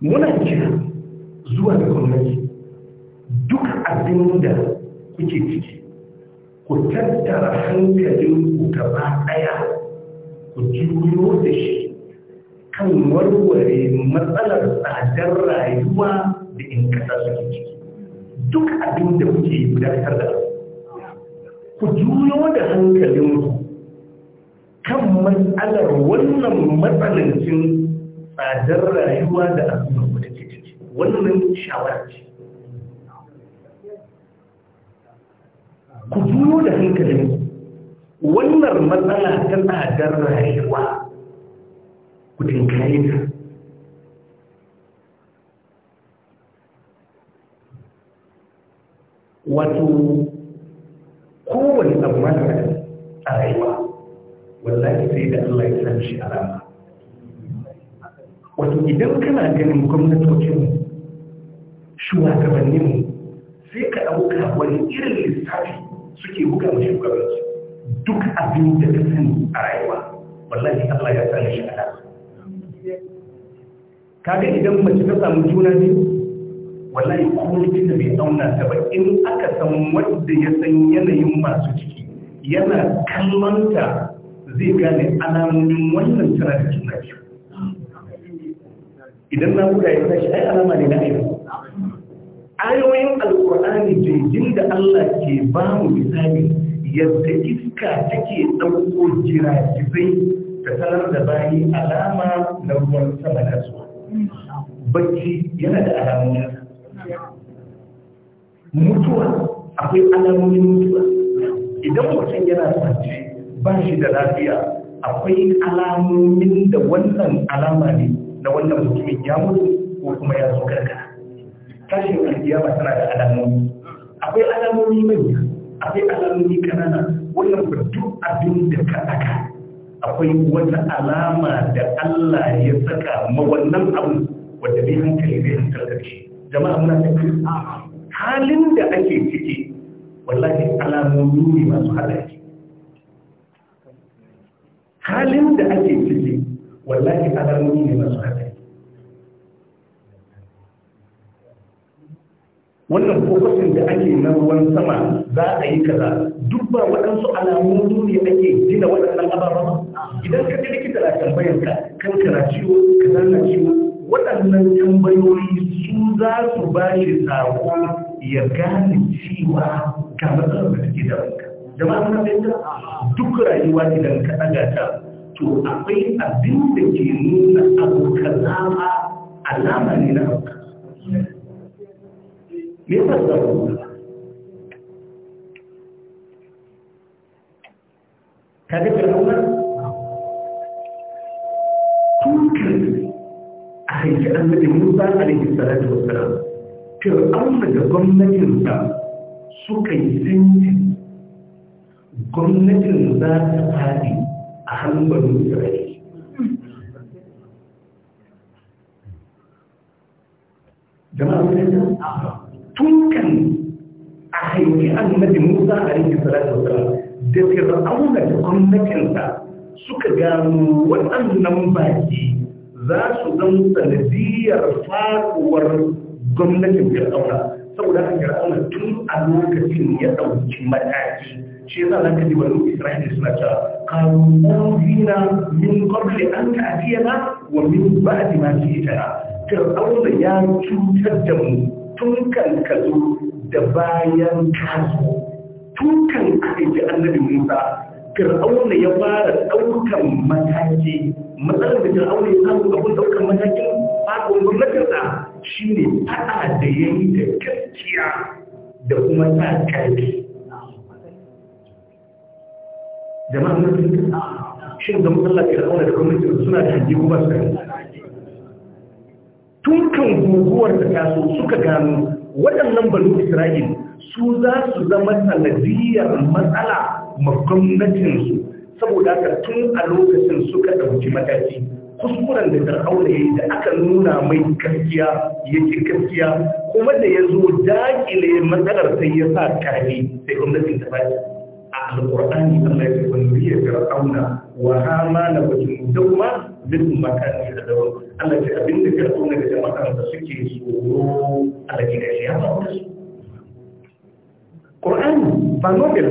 muna kira zuwa da kwanaki duk abin da kuke ciki ku tattara hankalin ku gaba ɗaya ku juyo da shi kan warware matsalar tsadar rayuwa da in kasa suke ciki duk abin da kuke gudanar da ku juyo da hankalin kan matsalar wannan matsalancin tsadar rayuwa da al'ummar da take ciki wannan shawara ce ku juyo da hankalin wannan matsala ta tsadar rayuwa ku tinkaye ta wato kowane abu mara a rayuwa wallahi sai da Allah ya san shi a rama wato idan kana ganin gwamnatocinmu shugabanninmu sai ka ɗauka wani irin lissafi suke buga mashi shugabanci duk abin da ka sani a rayuwa wallahi Allah ya sani shi Ka kaga idan mace ta samu juna Wala wallahi komai da bai auna ta ba in aka san wanda ya san yanayin masu ciki yana ta zai gane alamomin wannan tana da juna biyu idan na guda ya tashi ai alama ne na aiki ayoyin alkur'ani jirgin da Allah ke ba mu misali yadda iska take ɗauko jiragizai ta sanar da bayi alama na ruwan sama na zuwa bacci yana da alamomin mutuwa akwai alamomin mutuwa idan mutum yana sace ba shi da lafiya akwai alamomin da wannan alama ne na wannan mutumin ya mutu ko kuma ya zo karkara tashin alkiyama tana da alamomi akwai alamomi manya akwai alamomi kanana wannan ba duk abin da ka aka akwai wata alama da Allah ya saka ma wannan abu wadda bai hankali bai hankali da shi jama'a muna tafi halin da ake ciki wallahi alamomi ne masu halaki halin da ake ciki wallahi alamomi ne masu haɗari wannan kokosin da ake na ruwan sama za a yi kaza duk ba waɗansu alamomi ne ake gina waɗannan ababa idan ka ji likita na tambayar ka kan kana ciwo kaza na ciwo waɗannan tambayoyi su za su ba shi sako ya gane cewa ga matsalar da take da ranka jama'a mun fahimta duk rayuwa idan ka ɗaga ta to akwai abin da ke nuna abu ka zama alama ne na abu me ba za ku ka ga fir'auna tukar a an annabi musa da salatu wassalam an da gwamnatinsa suka yi zinci gwamnatin za ta faɗi a hannun banu Isra'ila jama'a mun tun kan a haifi annabi Musa alaihi salatu wasalam da Fir'auna da gwamnatinsa suka gano waɗannan baki za su zan sanadiyar faruwar gwamnatin Fir'auna saboda haka Fir'auna tun a lokacin ya ɗauki mataki shi yasa zaka ji wani Isra'ila suna cewa ƙarunan min ƙarfi an ta'afiyana wa min ba a dima su yi tara. Fir'auna ya cutar da mu tun kan kazo da bayan kazo. Tun kan aiki annabi Musa, Fir'auna ya fara ɗaukar mataki. Matsalar da Fir'auna ya samu abin ɗaukar mataki ba a kuma gwamnatinsa shi ne faɗa da yayi da gaskiya da kuma sa da ma mutum shin da mutum lafiya da da gwamnati suna da hanji kuma su tun kan guguwar da taso suka gano waɗannan Balu isra'il su za su zama sanadiyar matsala ma gwamnatinsu saboda haka tun a lokacin suka ɗauki mataki kuskuren da fir'auna yayi da aka nuna mai gaskiya yake gaskiya kuma da ya zo daƙile matsalar sai ya sa kare sai gwamnatin ta faɗi alqur'ani Allah ya ce nuriya fir'auna wa hamana wa junduma min makani da dawo Allah ya fir'auna da jama'an da suke tsoro Allah ya ce ya ba su Qur'ani ba nobel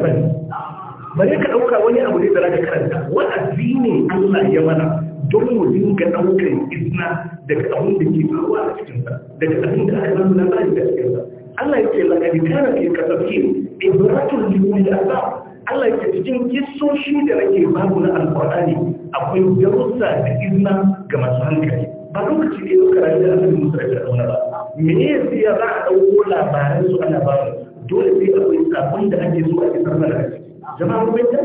ka wani abu ne da zaka karanta wa'azi ne Allah ya mana don mu dinga daukar izna daga abin da ke faruwa a cikin sa daga abin da aka zama da cikin sa Allah ya ce laqad kana ke kasafin lil Allah ke cikin kisoshi da nake babu na alƙur'ani akwai darussa da izina ga masu hankali ba lokaci da yau karatu da annabi musu da Fir'auna ba me ne sai ya za a dauko labaran su ana ba dole sai akwai sabon da ake zuwa a isar da ciki jama'a mun bayyana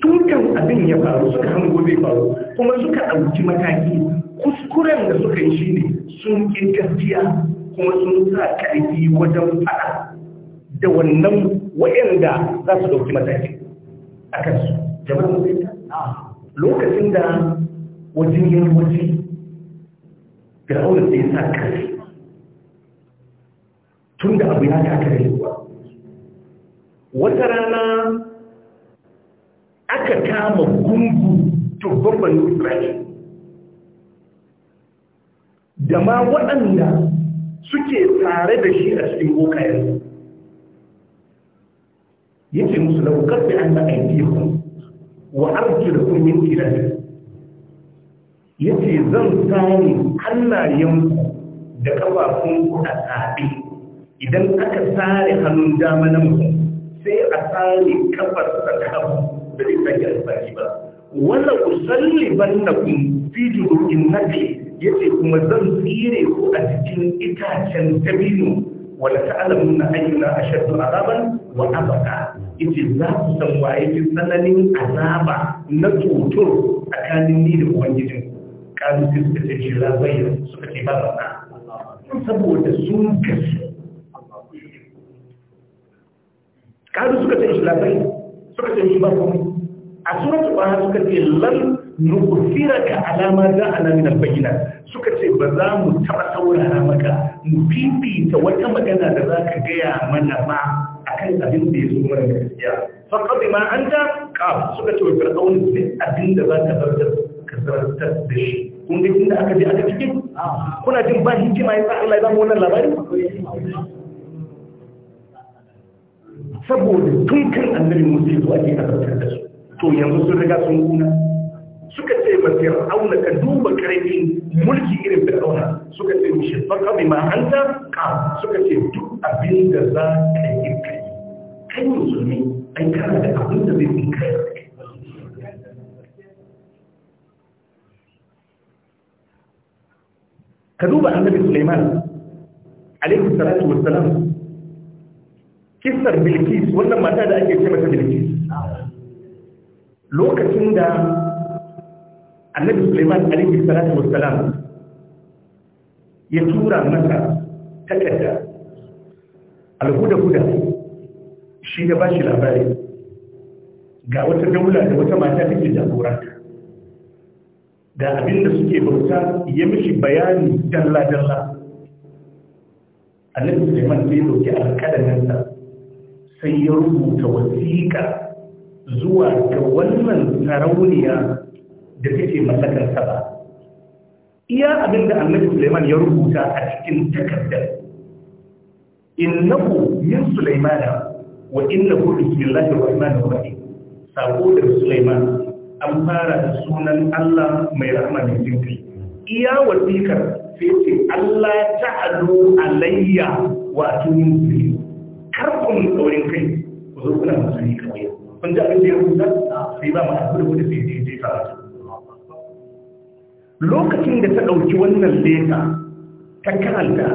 tun abin ya faru suka hango zai faru kuma suka ɗauki mataki kuskuren da suka yi shine sun ƙi gaskiya kuma sun sa ƙarfi wajen faɗa da wannan waɗanda za su ɗauki mataki a kansu jama'a musulunta lokacin da wajen yin waje fir'aunar da ya sa kare tun da abu ya ta kare wata rana aka kama gungu tubban banu isra'il da ma waɗanda suke tare da shi a cikin bokayensu yace musu lau karfi an da aidihun wa arjulakum min khilaf yace zan tsare hannayenku da kafafunku a tsabe idan aka tsare hannun dama na sai a tsare kafar sa da hagu da zai sake alfahari ba wala usalliban na kun fi juru'in nabi yace kuma zan tsire ku a cikin itacen dabino wala ta'alamu na ayyuna ashaddu azaban wa abaka ita za ku san waye ke tsananin azaba na tutur tsakanin ni da ubangijin kalu sai suka ce shi labayya suka ce ba zaka saboda sun kasu kalu suka ce shi labayya suka ce shi ba komai a suratul ba suka ce lan ka alama za a nan bayyana suka ce ba za mu taɓa saurara maka mu fifita wata magana da za ka gaya mana ba akan abin da ya zo mana gaskiya faƙaɗi ma an ta ƙaf suka ce wa fir'aun duk abin da za ta zartar ka zartar da shi kun ga inda aka je aka ciki kuna jin ba hikima ya sa Allah ya zama wannan labari saboda tun kan annabi musu zuwa ke a zartar da su to yanzu sun riga sun kuna suka ce ma fir'auna ka duba karfin mulki irin fir'auna suka ce mishi bi ma an ta ƙaf suka ce duk abin da za ka yi kai musulmi ai kana da abin da zai fi kai ka duba annabi Suleiman alaihi salatu wassalam kissar Bilkis wannan mata da ake ce mata Bilkis lokacin da annabi Suleiman alaihi salatu wassalam ya tura masa takarda alhuda-huda shi ya ba shi labari ga wata daula da wata mata take jagoranta da abinda da suke bauta ya mishi bayani dalla-dalla annabi suleiman zai dauki alkalaminsa sai ya rubuta wasiƙa zuwa ga wannan sarauniya da take mallakar ba iya abinda annabi suleiman ya rubuta a cikin takardar innahu min suleimana wa inna hu bismillahir rahmanir rahim sako da Sulaiman an fara da sunan Allah mai rahama mai jinkai iya wasikar sai ce Allah ta'alu alayya wa atuni muslim kar ku mun daurin kai ku zo kuna musulmi kawai kun ji abin da ya rubuta sai ba mu hakuri da sai je je karatu lokacin da ta dauki wannan leta ta karanta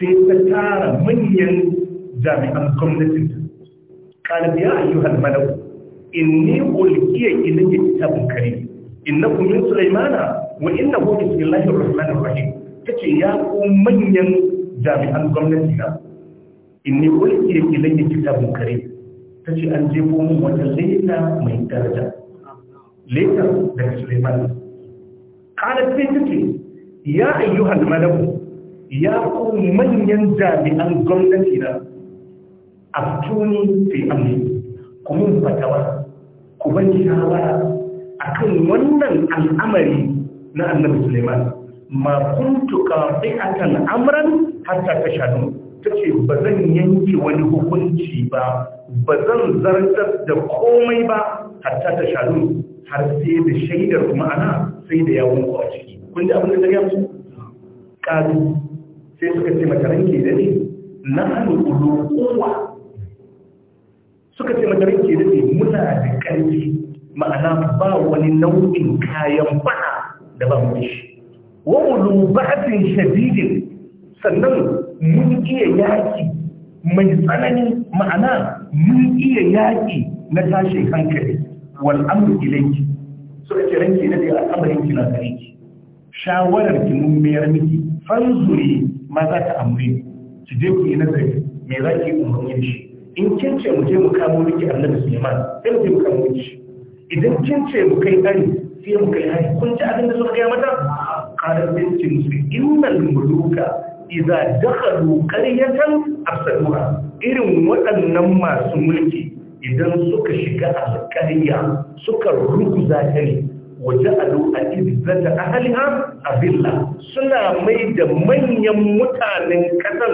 sai ta tara manyan jami'an gwamnatin ƙalib ya ayyuhal malau inni ulkiya ilayya kitabun karim innahu min sulaimana wa innahu bismillahir rahmanir rahim kace ya ku manyan jami'an gwamnati na inni ulkiya ilayya kitabun karim tace an jefo mun wata leta mai daraja leta daga sulaiman qalat sai tace ya ayyuhal malau ya ku manyan jami'an gwamnati na aftuni fi amri ku min fatawa ku bani shawara akan wannan al'amari na annabi Suleiman ma kuntu qati'atan amran hatta tashadu tace bazan yanke wani hukunci ba bazan zartar da komai ba hatta tashadu har sai da shaidar kuma ana sai da yawon a ciki kun ji abin da ya gamsu kazu sai suka ce mata ranke da ne na hannu ulu kowa suka ce madarin ke daɗe muna da ƙarfi ma'ana ba wani nau'in kayan bana da ba mu shi wa ulubatin shadidin sannan mun iya yaƙi mai tsanani ma'ana mun iya yaƙi na tashin hankali wal amru ilayki suka ce ranki na da al'amarin ki na gare shawarar ki mun mayar miki fanzuri ma za ta amure ki je ku yi nazari me za ki umarni da shi in kin ce mu je mu kamo miki annabi Suleiman sai mu je mu kamo miki idan kin ce mu kai hari sai mu kai hari kun ci abin da suka gaya mata kada sai su ce musu innal muluka idza dakhalu qaryatan afsaduha irin waɗannan masu mulki idan suka shiga alƙarya suka ruguza ta ne waje alu a izzata ahliha azilla suna mai da manyan mutanen kasar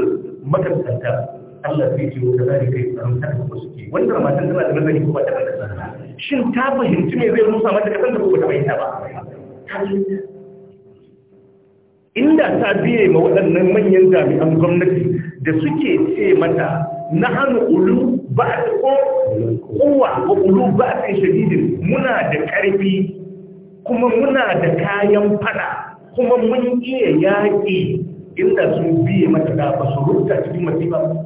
makasantar Allah zai ce wata zai kai tsaron ta da suke wannan matan tana da nazari ko ba ta da shin ta fahimci me zai rusa mata kasan da ko ta bayyana ba inda ta biye ma waɗannan manyan jami'an gwamnati da suke ce mata na hannu ulu ba a kowa ko ulu ba a shadidin muna da ƙarfi kuma muna da kayan fada kuma mun iya yaƙi inda sun biye mata da basu su rubuta cikin masifa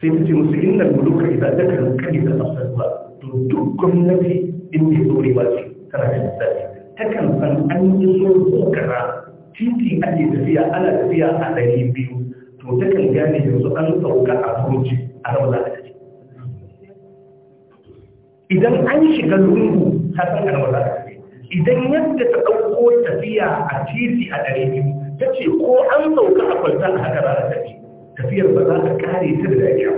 sai ta ce musu inna muluka idan da kan kai da asarwa to duk gwamnati inda dore ba ce tana da misali ta kan san an yi so kokara titi ake tafiya ana tafiya a ɗari biyu to ta kan gane yanzu an sauka a furuci a nan za a tafi idan an shiga lungu ta san a nan za a tafi idan yadda ta ɗauko tafiya a titi a ɗari biyu ta ce ko an sauka a kwalta a haka za a tafi tafiyar ba za ta kare ta da dariya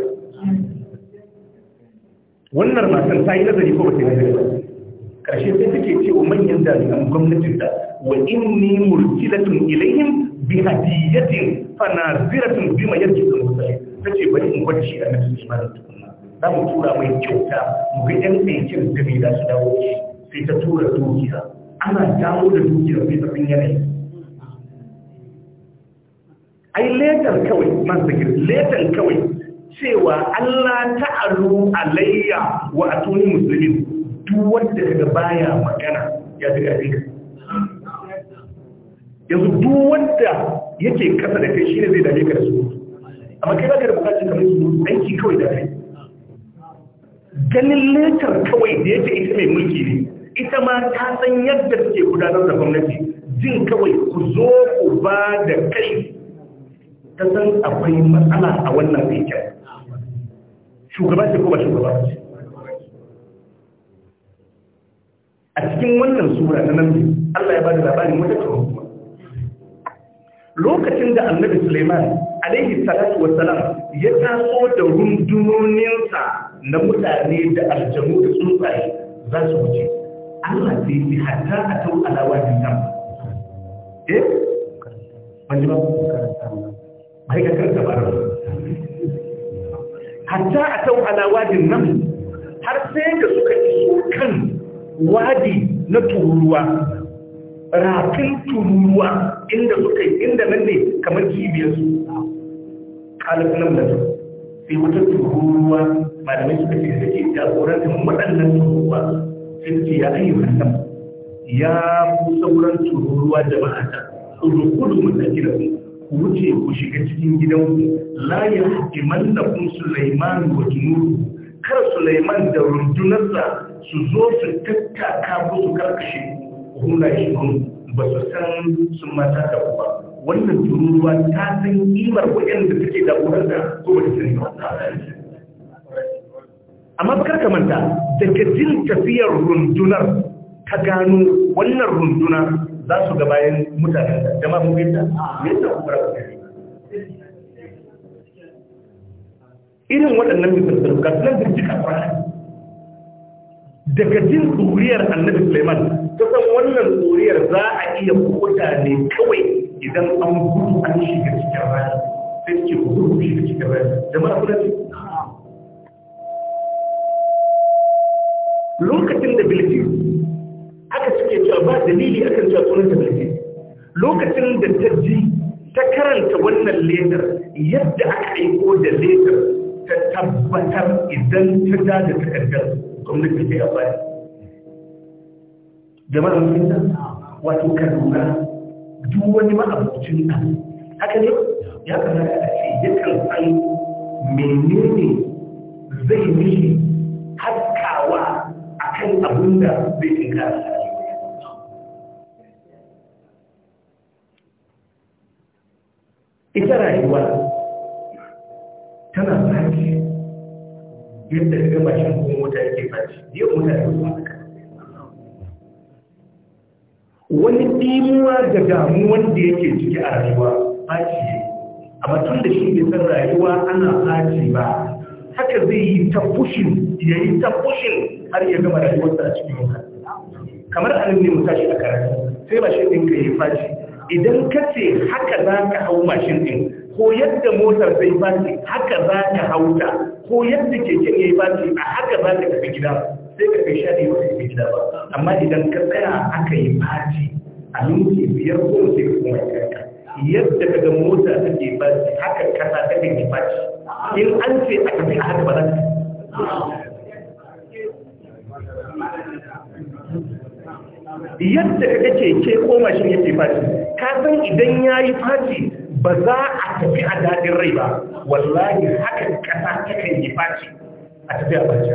wannan matan ta yi nazari ko ba ta yi nazari ba ƙarshe sai take cewa manyan jami'an gwamnatin da wa inni murkilatun ilayhim bi hadiyatin fa naziratun bima yarji'u Ta tace bari in gwada a nan imanin tukuna. za mu tura mai kyauta mu ga ɗan aikin da mai da su dawo sai ta tura dukiya ana dawo da dukiyar sai ta yanayi ai letar kawai man zakir letar kawai cewa Allah ta'alu alayya wa atuni muslimin duk wanda daga baya magana ya ji gari ka yanzu duk wanda yake kasa da kai shine zai dame ka da su amma kai baka da bukatun kamar su aiki kawai da kai ganin letar kawai da yake ita mai mulki ne ita ma ta san yadda take gudanar da gwamnati jin kawai ku zo ku ba da kai ta san akwai matsala a wannan fetur shugaba ce ko shugaba ce a cikin wannan sura na nan Allah ya bada labarin wata kuma lokacin da annabi Suleiman alaihi salatu Salam ya taso da rundunoninsa na mutane da aljanu da tsuntsaye za su wuce Allah sai yi hata a tau alawa da eh? Wani ba ku karanta aikatar da barar hatta a tau ala wadin nan har sai da suka iso kan wadi na tururuwa rafin tururuwa inda suka yi inda nan ne kamar kibiyarsu kalafin nan da su sai wata tururuwa malamai suka ce da ke jagorantar waɗannan tururuwa sai ce ya ayyukan nan ya sauran tururuwa jama'a ta rukudu mutane da su ku wuce ku shiga cikin gidanku la ya da kun Sulaiman wa junudu kar Sulaiman da rundunarsa su zo su tattaka musu karkashe hula shi ba su san sun mata da ba wannan tururuwa ta san kimar waɗanda take da da ko sani ba amma kar manta daga jin tafiyar rundunar ka gano wannan runduna za su ga bayan mutanen da jama'a mun fita yadda ku fara kuma irin waɗannan misalin ga nan bincika kwanan daga jin tsoriyar annabi Suleiman ta san wannan tsoriyar za a iya kuta ne kawai idan an gudu an shiga cikin rana sai suke gudu shiga cikin rana jama'a kuna ce lokacin da bilkis iya cewa ba dalili akan cewa sunanta bilkis lokacin da ta ji ta karanta wannan ledar yadda aka aiko da ledar ta tabbatar idan ta da da takardar gwamnati ta yaba jama'a wato kaduna duk wani ma'abucin ɗan haka ne ya kamata a ce kan san menene zai mishi haskawa akan abin da zai tinkara ita rayuwa tana fashi yadda ka gaba shi kuma mota yake fashi yau mota yau kuma haka wani dimuwa ga damu da yake ciki a rayuwa fashi a batun da shi bai san rayuwa ana fashi ba haka zai yi ta fushin ya yi ta fushin har ya gama rayuwarsa a cikin wuta kamar anan ne mutashi a karatu sai ba shi ɗinka ya yi fashi idan ka ce haka za ka hau mashin ɗin ko yadda motar zai baki haka za ka hau ta, ko yadda keken ya yi baki a haka za ka tafi gida sai ka fi shaɗi ba tafi gida ba amma idan ka tsaya aka yi baki a minti biyar ko sai ka kuma kanka yadda ka ga mota take baki haka kasa ta kan yi baki in an ce a tafi a haka ba za ka yadda ka ce ke koma shi yake fati ka san idan ya yi fati ba za a tafi a daɗin rai ba wallahi haka kasa ta kan yi fati a tafi a bace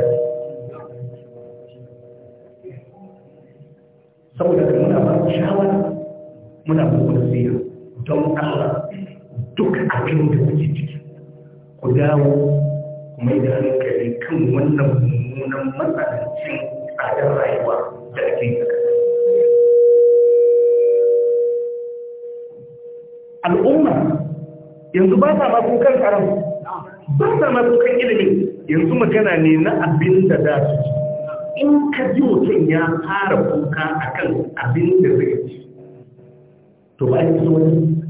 saboda ka muna ba shawar, muna ba wasiya don Allah duk abin da kuke ciki ku dawo kuma yi da hankali kan wannan mummunan matsalancin tsadar rayuwa da ake yi al'umma yanzu ba sa mako kan karam ba sa mako kan ilimin yanzu magana ne na abin da za su in ka ji mutum ya fara kuka a kan abin da zai ci to ba yi wani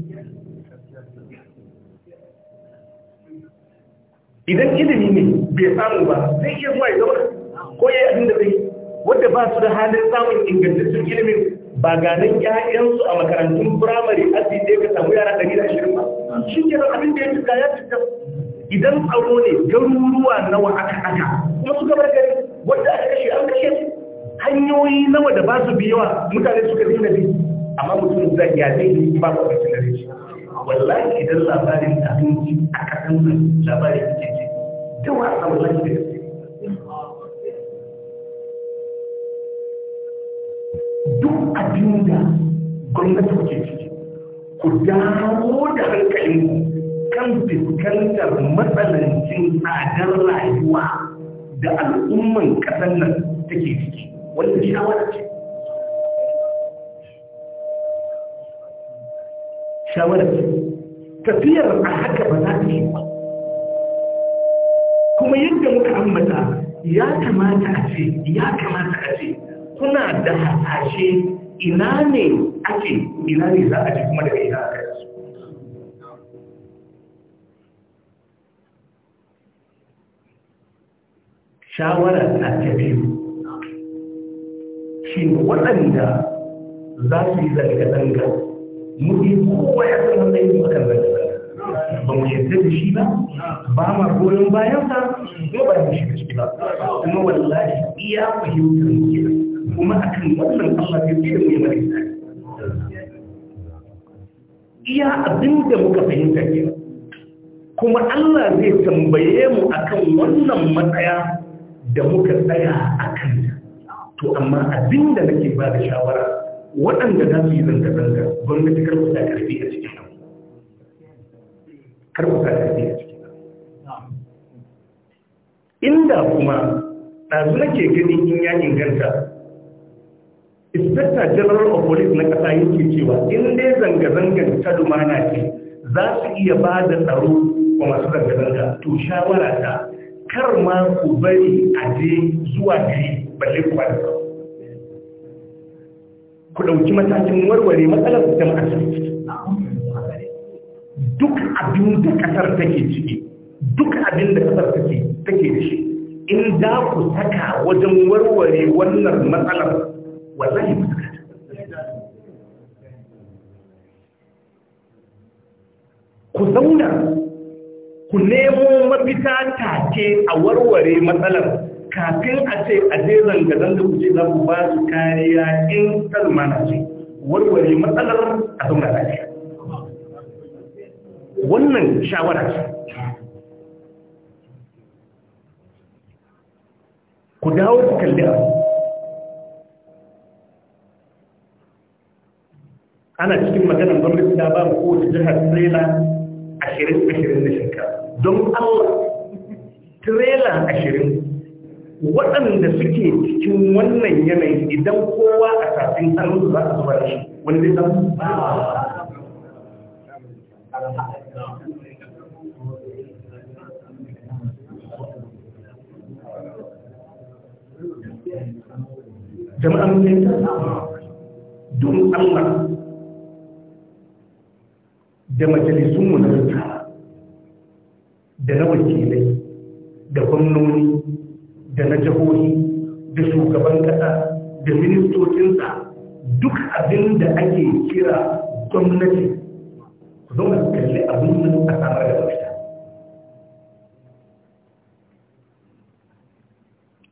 idan ilimi ne bai samu ba zai iya zuwa ya zaura ko ya yi abin da zai wadda ba su da halin samun ingantattun ilimin ba ganin ƴaƴansu a makarantun firamare aji ɗaya ka samu yara ɗari da ashirin ba shi ke abin da ya fita ya fita idan tsaro ne garuruwa nawa aka aka kuma su gabar gari wanda aka kashe an kashe hanyoyi nawa da ba su biyawa mutane suka dinga bi amma mutum zai ya dai ba ba ku kashe da rishi wallahi idan labarin abinci aka kasan labarin ke ce dawa wasa wallahi da gaske abin gwamnati ke ciki ku dawo da hankalin kan fuskantar matsanancin tsadar rayuwa da al'umman ƙasar nan take ciki wanda shawara ce ce tafiyar a haka ba za ta yi ba kuma yadda muka ambata ya kamata a ce ya kamata a ce kuna da hasashe ina ne ake ina ne za a ji kuma daga ina aka yasu shawara na tafi shi waɗanda za su yi zarga zanga muke kowa ya san matsayin yi akan zarga zanga ba mu yarda da shi ba ba ma goyon bayan ko ba mu da shi ba kuma wallahi iya fahimtar mu kenan kuma a kan wannan Allah ya ce mai mara tsari iya abin da muka fahimta ke kuma Allah zai tambaye mu akan wannan matsaya da muka tsaya a kan to amma abin da nake ba da shawara waɗanda za su yi zanga-zanga gwamnati karfata karfi a cikin abu karfata karfi a cikin inda kuma ɗazu nake gani in ya inganta inspector general of police na kasa yake cewa in dai zanga-zangar ta lumana ce za su iya ba da tsaro wa masu zanga-zanga to shawara ta kar ma ku bari a je zuwa gari balle ku da tsaro ku ɗauki matakin warware matsalar da ma'asarci duk abin da ƙasar take ciki duk abin da kasar take da shi in da ku saka wajen warware wannan matsalar wallahi fuska ku zauna ku nemo mafita take a warware matsalar kafin a ce a je zanga-zanga ku ce za ku ba su kariya in talmana ce warware matsalar a zauna lafiya wannan shawara ce ku dawo ku kalli abu ana cikin maganin gwamnati ta ba mu kowace jihar trela ashirin ashirin na shinkafa don allah trela ashirin waɗanda suke cikin wannan yanayi idan kowa a tafin su za a zuba shi wani zai ba jama'an mun don Allah da majalisunmu na da na wakilai da gwamnoni da na jihohi da shugaban kasa da ministocinsa duk abin da ake kira gwamnati ku zama kalli abin da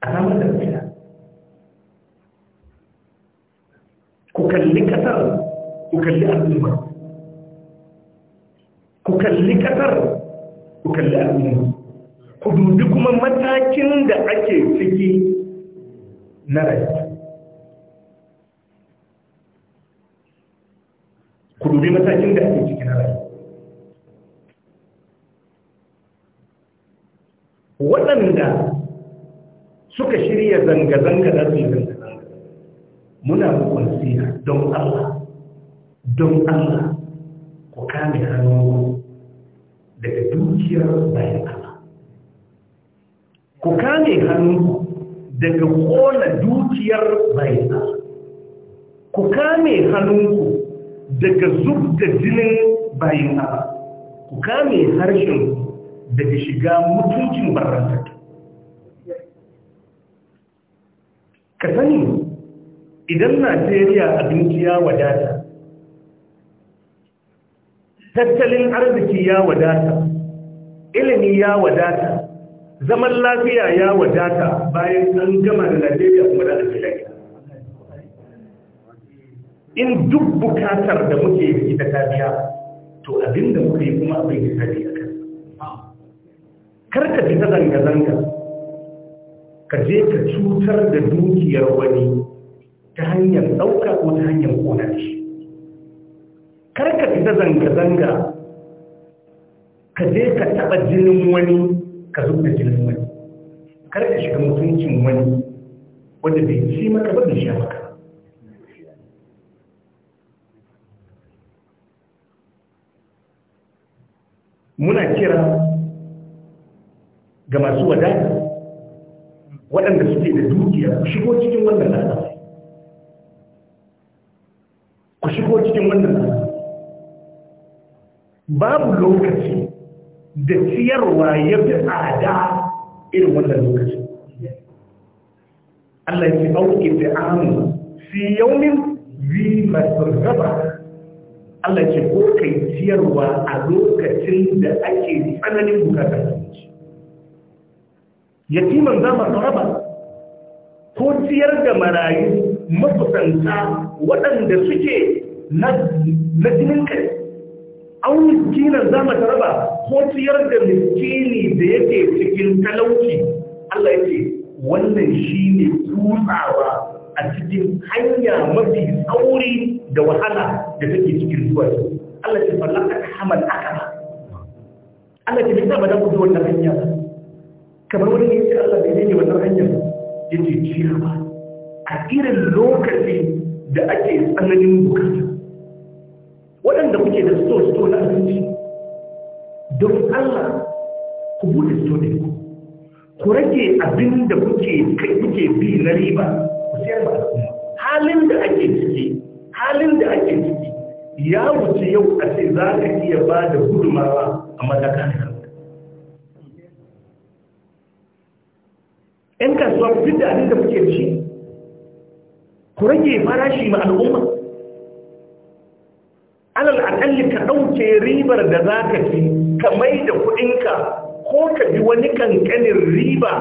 a samar da mafita a samar da mafita ku kalli kasar ku kalli al'ummar ku kalli ƙasar ku kalli al'umma ku dubi kuma matakin da ake ciki na rayuwa ku dubi matakin da ake ciki na rayuwa waɗanda suka shirya zanga-zanga da su yi zanga-zanga muna kwansiya don Allah don Allah ku kame hannun daga dukiyar bayan Allah ku kame hannunku daga kona dukiyar bayan Allah ku kame hannunku daga zub da jinin bayan Allah ku kame harshenku daga shiga mutuncin barrantattu ka sani idan najeriya abinci ya wadata tattalin arziki ya wadata ilimi ya wadata zaman lafiya ya wadata bayan an gama da najeriya kuma da najeriya in duk bukatar da muke yi ta tafiya to abinda muke yi kuma abin da tafiya kan karka ji ta zanga-zanga ka je ka cutar da dukiyar wani ta hanyar ɗauka ko ta hanyar ƙonar shi karka fita zanga-zanga ka je ka taɓa jinin wani ka zub da jinin wani karka shiga mutuncin wani wanda bai ci maka ba da sha maka muna kira ga masu wadata waɗanda suke da dukiya ku shigo cikin wannan lalata ku shigo cikin wannan lalata babu lokaci da ciyarwa ya fi tsada irin wannan lokaci Allah ya fi auki da amu fi yaumin zi masarraba Allah ce ko kai ciyarwa a lokacin da ake tsananin bukatar abinci yatiman za raba? ko ciyar da marayu makusanta waɗanda suke na jinin kai aunin jina za mu raba ko ciyar da miskini da yake cikin talauci Allah ya ce wannan shi ne tutsawa a cikin hanya mafi tsauri da wahala da take cikin zuwa Allah ce falla aka hamal aka ba Allah ce bai ba da ku wannan hanya ba kamar wani ne ce Allah bai ne wannan hanya? ya ce ba. a irin lokaci da ake tsananin bukatu so sto na abinci don Allah ku bude sto din ku ku rage abin da kuke kai kuke bi na riba ku sayar ba al'umma halin da ake ciki halin da ake ciki ya wuce yau a ce za ka iya ba da gudumawa a matakan ‘yan kasuwa fi da abin da kuke ci ku rage farashi ma al'umma alal akalli ka ɗauke ribar da za ka ci ka mai da kuɗinka ko ka bi wani kankanin riba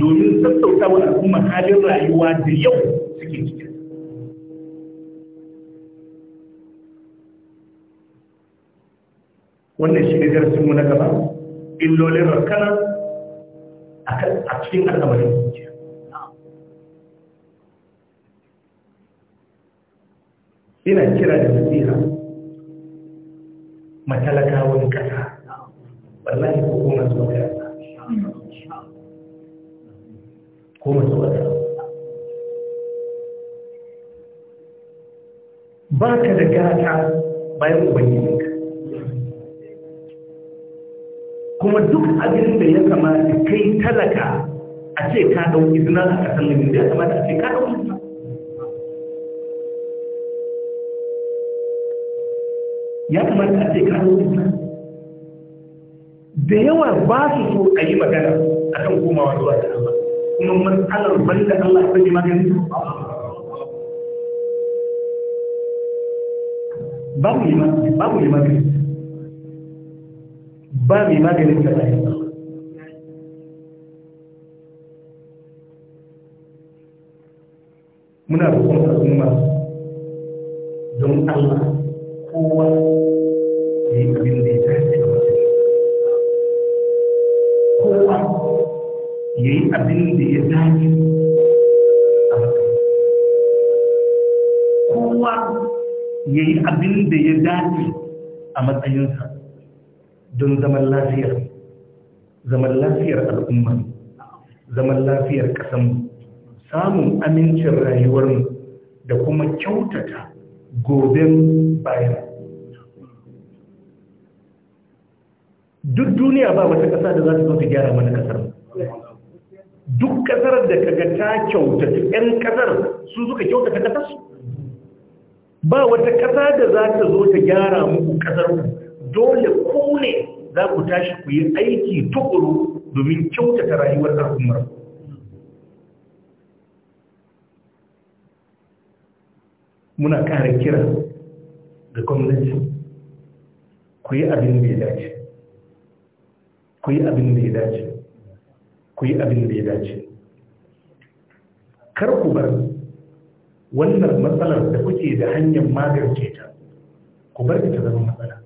domin sassauta wa al'umma halin rayuwa da yau suke cikin wannan shi ne darasinmu na gaba illolin rakana a cikin al'amarin zuciya ina kira da nasiha matalakawan kasa wannan ko kuma su wata kuma su wata ba ka da gata bayan ubangijinka kuma duk abin da ya kamata kai talaka a ce ka ɗauki izina a kasar nan da ya kamata a ce ka ɗauki ya kamata a ce kano da da yawa ba su so a yi magana a kan komawa zuwa da Allah kuma matsalar bari da Allah ta yi magani babu yi babu yi magana ba mai maganin da bayan Allah muna roƙon al'umma don Allah abin da ya dace kowa ya yi abin da ya dace a matsayinsa don zaman lafiyar zaman lafiyar al'umma zaman lafiyar ƙasanmu samun amincin rayuwarmu da kuma kyautata goben bayan duk duniya ba wata ƙasa da za ta zo ta gyara mana ƙasar duk kasar da kaga ta kyauta 'yan kasar su suka kyautata kasar ba wata kasa da za ta zo ta gyara muku kasar dole ku ne za ku tashi ku yi aiki tukuru domin kyautata rayuwar al'ummar muna ƙara kira ga gwamnati ku yi abin da ya dace ku yi abin da ya dace ku yi abin da ya dace kar ku bar wannan matsalar da kuke da hanyar magance ta ku bar ta zama matsala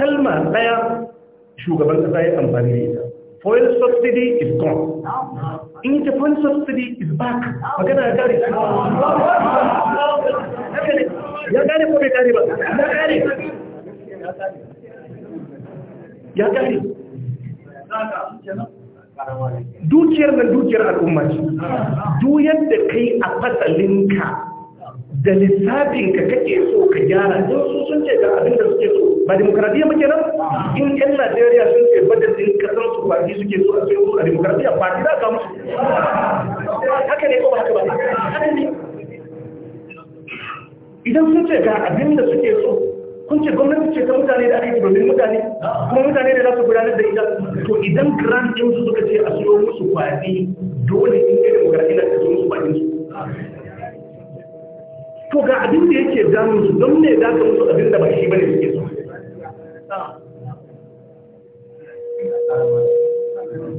kalma ɗaya shugaban ƙasa ya amfani da ita foil subsidy is gone in ita foil subsidy is back magana ya gare ya gare ko bai gare ba ya gare ya kare dukiyar nan dukiyar al'umma du duk ka kai a fasalinka da lissafinka kake so ka gyara don su sun ce ga abin da suke so ba demokradiyya muke nan in yan najeriya sun ce da din kasan su baki suke so a cikin a demokradiyya ba ta ka musu haka ne ko ba haka ba haka ne idan sun ce ga abin da suke so kun ce gwamnati ce ta mutane da ake domin mutane kuma mutane da za su gudanar da ita to idan grant din su suka ce a siyo musu kwadi dole in ga demokrasi na ta zo musu kwadi su to ga abin da yake damun su don ne za ka musu abin da ba shi bane suke so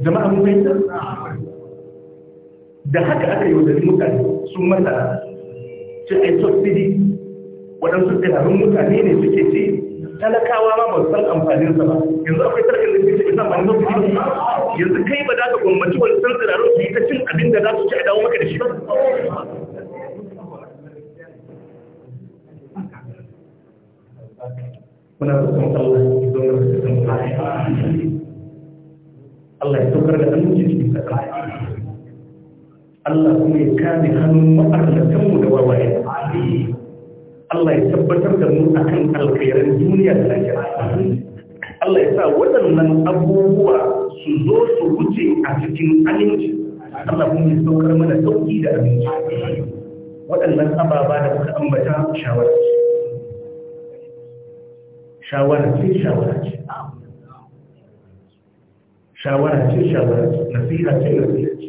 jama'a mun fahimta da haka aka yi wa mutane sun masa ce ai subsidy waɗansu tunanin mutane ne suke ce talakawa ma ban san amfanin sa ba yanzu akwai tarkin da suke isa ban zuwa yanzu kai ba za ka gwammaci wani san tsirarun su yi ta cin abin da za su ci a dawo maka da shi ba muna roƙon Allah don rasukan Allah ya saukar da aminci cikin ƙasa Allah kuma ya kame hannun ma'arlatanmu da wawaye Allah ya tabbatar da mu akan alkhairan duniya da lahira Allah ya sa waɗannan abubuwa su zo su wuce a cikin aminci Allah kuma ya saukar mana sauki da aminci waɗannan ababa da muka ambata shawara ce shawara ce shawara ce shawara ce shawara ce nasiha ce nasiha